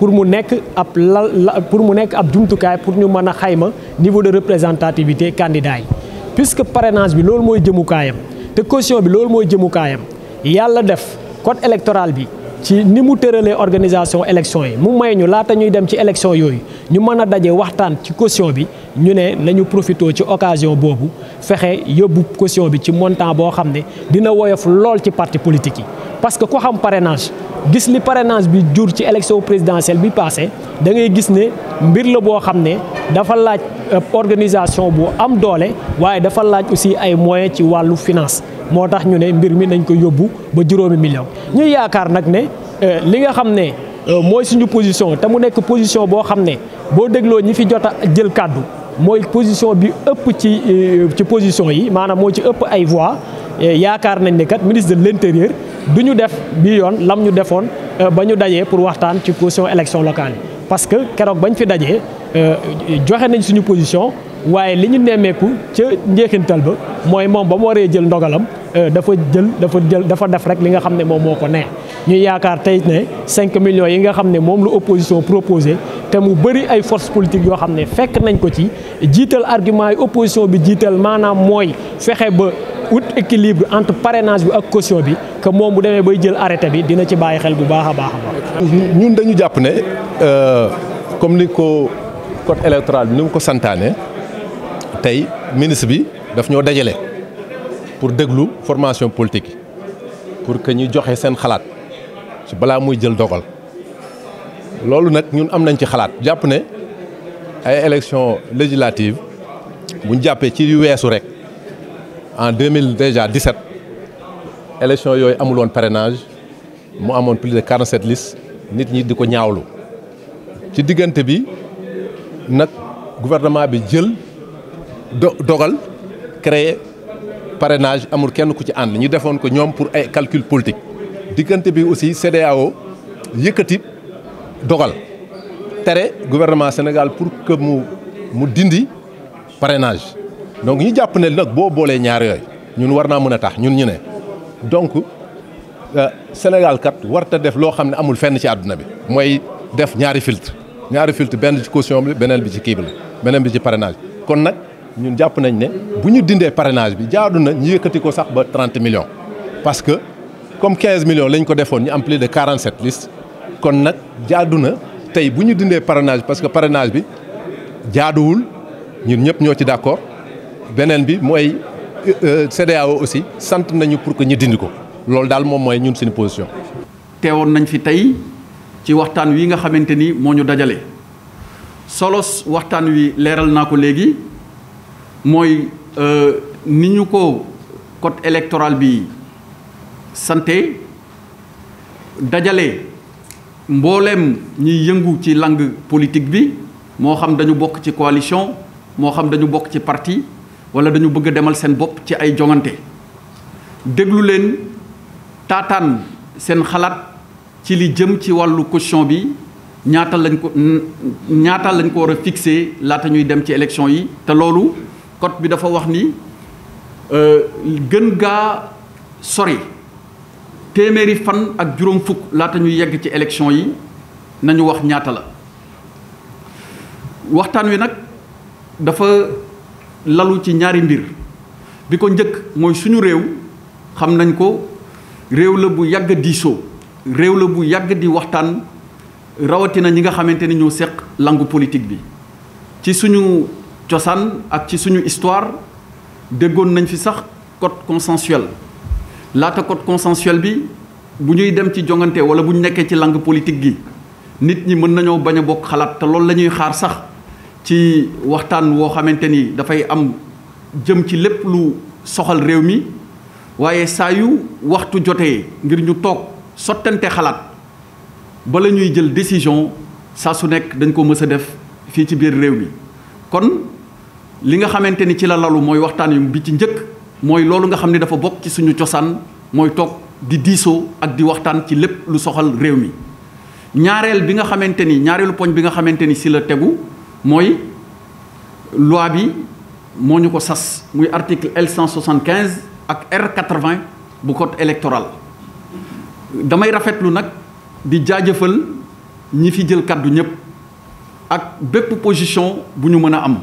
pour mu nekk ab lal pour mu nekk ab jumtukaay pour ñu mën a xayma niveau de représentativité candidat yi puisque parrainage bi loolu mooy jëmukaayam te caution bi loolu mooy jëmukaayam yàlla def code électoral bi ci ni mu tëralee organisation élection yi mu may ñu laata ñuy dem ci élection yooyu ñu mën a daje waxtaan ci caution bi ñu ne nañu profitoo ci occasion boobu fexe yóbbu caution bi ci montant boo xam ne dina woyof lool ci parti politique yi parce que ko xam parrainage gis li parrainage bi jour ci élection présidentielle bi passé da ngay gis ne mbir la bo xamné ne dafa laaj euh, organisation bu am doole waaye dafa laaj aussi ay moyens ci walu finance motax ñu né mbir mi nañ ko yobbu ba juroomi million ñu yaakar nak ne euh, li nga xamné euh, moy suñu position te mu position bo xamné ne boo ñi fi jotta jël cadeau moy position bi ëpp ci ci position yi manam mo ci ëpp ay voix yaakar nañ ne kat ministre de l'intérieur du ñu def bii yoon lam ñu defoon euh, ba ñu dajee pour waxtaan ci position élection locale yi parce que keroog bañ fi dajee euh, joxe nañ suñu position waaye li ñu nemmeeku ca njeexintal ba mooy moom ba mu waree jël ndogalam euh, dafa jël dafa jël dafa def rek li nga xam ne moom moo ko neex ñu yaakaar tey ne 5 millions yi nga xam ne moom lu opposition proposé te mu bëri ay forces politiques yoo xam ne fekk nañ ko ci jiital argument yi opposition bi jiital maanaam mooy fexe ba. wut équilibre entre parrainage bi ak caution bi que moom bu demee bay jël arrêté bi dina ci baye xel bu baax a ñun dañu japp né euh comme ni ko code électoral bi ni ko santané tay ministre bi daf ñoo dajalé pour déglu formation politique pour que ñu joxé sen xalaat ci bala muy jël dogal lolu nak ñun am nañ ci xalaat japp né ay élection législative buñu jappé ci yu weesu rek en 2017, election 17 élection de parrainage mu amoon plus de 47 listes nit ñi di ko ñaawlu ci diggante bi le gouvernement a jël dogal parrainage Nous kenn ku ci ànd pour un calcul politique diggante bi aussi Le dogal gouvernement Sénégal pour que nous mu dindi parrainage donc ñu jàpp ne nag boo boolee ñaar yooyu ñun war naa mën a tax ñun ñu ne donc euh, Sénégal kat warta def loo xam ne amul fenn ci àdduna bi mooy def ñaari filtre ñaari filtre benn ci bi beneen bi ci kii bi beneen bi ci parrainage kon nag ñun jàpp nañ ne bu ñu dindee parenage bi jaadu na ñu yëkkati ko sax ba 30 millions parce que comme 15 millions lañ ko defoon ñu am plus de 47 listes kon nag jaadu na tey bu ñu dindee parrainage parce que parrainage bi jaaduwul ñun ñëpp ñoo ci d'accord beneen bi mooy euh, CEDEAO aussi sant nañu pour que ñu dindi ko loolu daal moom mooy ñun suñu position. teewoon nañ fi tey ci waxtaan wi nga xamante ni moo ñu dajale solos waxtaan wi leeral naa ko léegi mooy euh, ni ñu ko code électoral bi santé dajale mbooleem ñuy yëngu ci langue politique bi moo xam dañu bokk ci coalition moo xam dañu bokk ci parti wala dañu bëgg demal seen bopp ci ay jongante déglu leen taataan seen xalaat ci li jëm ci wàllu caution bi ñaata lañ ko ñaata lañ ko war a fixé laata ñuy dem ci élection yi te loolu code bi dafa wax ni euh, gën gaa sori téeméeri fan ak juróom fukk laata ñuy yegg ci élection yi nañu wax ñaata la waxtaan wi nag dafa lalu ci ñaari mbir bi ko reu, mooy suñu réew xam nañ ko réew la bu yàgg diisoo réew la bu di waxtaan rawatina ñi nga xamante ñoo seq langue politique bi ci suñu cosaan ak ci suñu histoire déggoon nañ fi sax code consensuel laata code consensuel bi bu ñuy dem ci jongante wala bu ñu nekkee ci langue politique gi nit ñi mën nañoo bañ a bokk xalaat te loolu la ñuy xaar sax ci waxtaan woo xamante ni dafay am jëm ci lépp lu soxal réew mi waaye saa yu waxtu jotee ngir ñu toog sottante xalaat bala ñuy jël décision saa su nekk dañ ko mës a def fii ci biir réew mi kon li nga xamante ni ci la lalu mooy waxtaan yu bi ci njëkk mooy loolu nga xam ni dafa bokk ci suñu cosaan mooy toog di diisoo ak di waxtaan ci lépp lu soxal réew mi ñaareel bi nga xamante ni ñaareelu poñ bi nga xamante ni si la tegu moy loi bi moñu ko sas muy article L 175 ak R 80 bu code électoral damay rafetlu nak di jaajëfal ñi fi jël kàddu ñep ak bép position buñu mëna am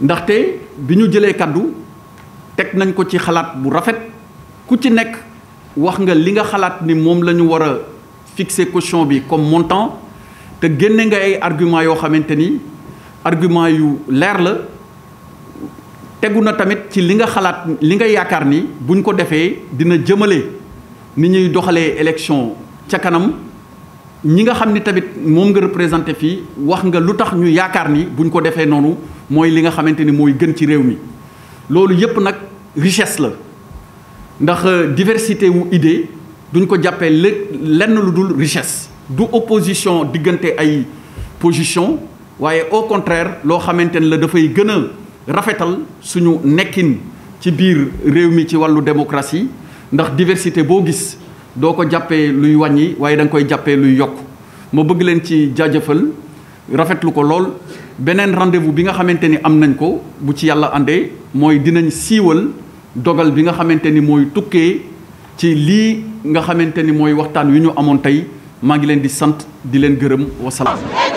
ndaxte bi ñu jëlee kàddu teg nañ ko ci xalaat bu rafet ku ci nekk wax nga li nga xalaat ni mom lañu wara fixer caution bi comme montant te génne nga ay argument yoo xamante ni argument yu leer la tegu na tamit ci li nga xalaat li nga yaakaar ni buñ ko defee dina jëmale ni ñuy doxalee élection ca kanam ñi nga xam ni tamit moom nga représenté fii wax nga lu tax ñu yaakaar ni buñ ko defee noonu mooy li nga xamante ni mooy gën ci réew mi loolu yépp nag richesse la ndax euh, diversité wu idée duñ ko jàppee lenn lu dul richesse du opposition digante ay position au contraire lo xamante le la dafay gën a rafetal suñu nekkine ci réew mi ci démocratie ndax diversité bogis, gis jape ko réunir luy wàññi waaye dang koy jappé luy yok ma bëgg ci vous rafetlu ko rendez-vous bi nga am nañ ko bu ci yalla andé moy dinañ dogal bi nga moy ci li nga que vous maa ngi leen di sant di leen gërëm wasalaam